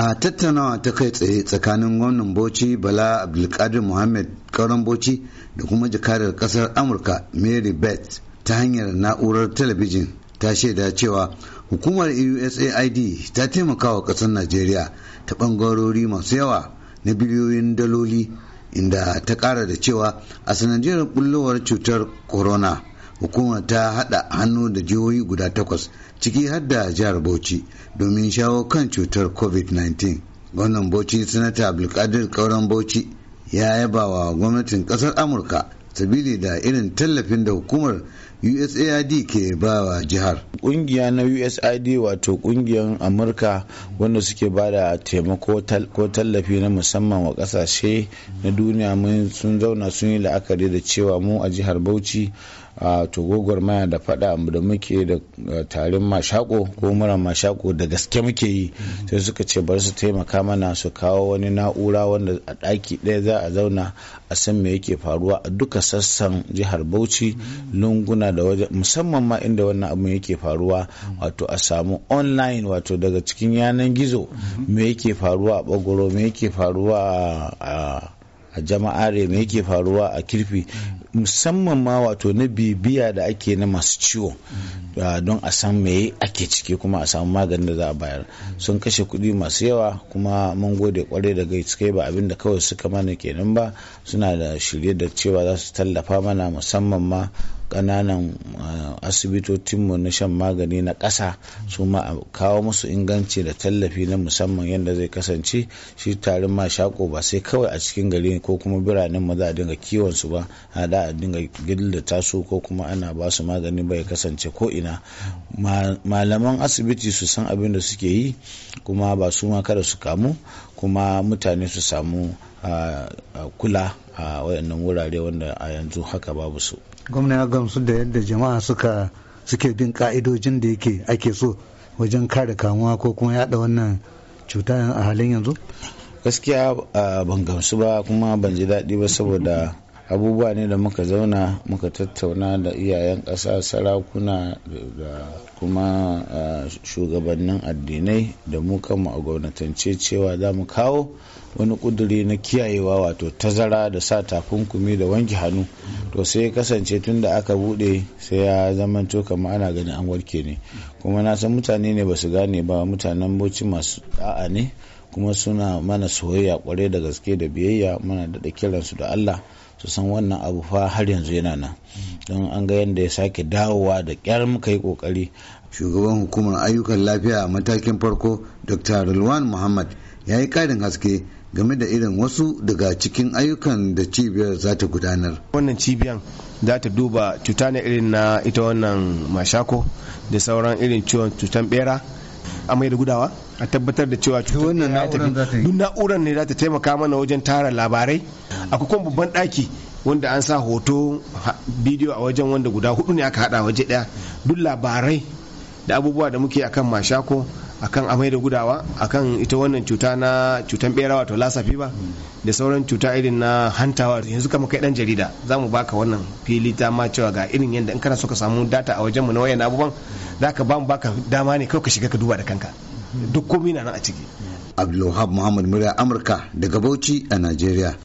a tattaunawa ta kai tsaye tsakanin gwamnan bauchi bala abdulkadir mohammed karon bauchi da kuma jakadar kasar amurka mary beth ta hanyar na'urar talabijin ta shaida cewa hukumar usaid ta taimaka wa kasar najeriya ta bangarori masu yawa na biliyoyin daloli inda ta kara da cewa a sanadiyar bullowar cutar corona hukumar ta hada hannu da jihohi guda takwas ciki har da jihar bauchi domin shawo kan cutar covid-19 gwamnan bauchi sanata abdulkadir kauran bauchi ya yaba wa gwamnatin kasar amurka sabili da irin tallafin da hukumar USAID ke ba wa jihar. Kungiya na USAID wato kungiyar Amurka wanda suke ba da taimako ko tallafi na musamman wa kasashe na duniya mun sun zauna sun yi la'akari da cewa mu a jihar Bauchi togogor maya da faɗa da muke da tarin mashako ko mura mashako da gaske muke yi sai suka ce bar su taimaka mana su kawo wani na'ura wanda a ɗaki ɗaya za a zauna a san me yake faruwa a duka sassan jihar bauchi lunguna da waje musamman ma inda wannan abu yake faruwa wato a samu online wato daga cikin yanan gizo me yake faruwa a bagoro me yake faruwa a jama'are me yake faruwa a kirfi musamman ma wato na bibiya da ake na masu ciwo mm-hmm. uh, don a san me ake ciki kuma a samu maganin da za a bayar mm-hmm. sun kashe kuɗi masu yawa kuma mun gode kwarai da gai kai ba abin da kawai suka mana kenan ba suna da shirye da cewa za su tallafa mana musamman ma kananan ah, asibitocinmu na shan magani na ƙasa su ma a kawo musu inganci da tallafi na musamman yadda zai kasance shi tarin ma shako ba sai kawai a cikin gari ko kuma biranen ma za a dinga kiwon su ba a da a dinga gillata su ko kuma ana ba su magani bai kasance ko ina malaman asibiti su san abin da suke yi kuma ba su ma kada su kamu kuma mutane su samu ah, ah, kula a waɗannan wurare wanda a yanzu haka babu su gwamna ya gamsu da yadda jama'a suka suke bin ka'idojin da yake ake so wajen kare kamuwa ko kuma yada wannan cuta a halin yanzu gaskiya ban gamsu ba kuma ban ji daɗi ba saboda abubuwa ne da muka zauna muka tattauna da iyayen ƙasa sarakuna da kuma shugabannin addinai da mu kanmu a gwamnatance cewa za mu kawo wani kuduri na kiyayewa wato tazara da sa takunkumi da wanke hannu to sai ya kasance tun da aka bude sai ya zamanto kamar ana ganin an warke ne kuma na san mutane ne ba su gane ba mutanen boci masu da'a ne kuma suna mana soyayya kwarai da gaske da biyayya muna daɗa kiransu da allah su san wannan abu fa har yanzu yana nan don an ga yadda ya sake dawowa da kyar muka yi kokari shugaban hukumar ayyukan lafiya a matakin farko dr rilwan muhammad ya yi karin haske game da irin wasu daga cikin ayyukan da cibiyar za ta gudanar wannan cibiyar za ta duba cuta na irin na ita wannan mashako da sauran irin ciwon cutan bera a amai da gudawa a tabbatar da cewa cutar da duk na'urar ne za ta taimaka mana wajen tara labarai akwai kuma babban ɗaki wanda an sa hoto bidiyo a wajen wanda guda hudu ne aka hada waje daya duk labarai da abubuwa da muke akan mashako akan amai da gudawa akan ita wannan cuta na cutan bera wato lasafi ba da sauran cuta irin na hantawa yanzu kama kai dan jarida za mu baka wannan fili ta ma cewa ga irin yadda in kana so ka samu data a wajenmu na wayan abubuwan za ka bamu baka dama ne kawai ka shiga ka duba da kanka duk komi na nan a ciki abdulwahab muhammad murya amurka daga bauchi a najeriya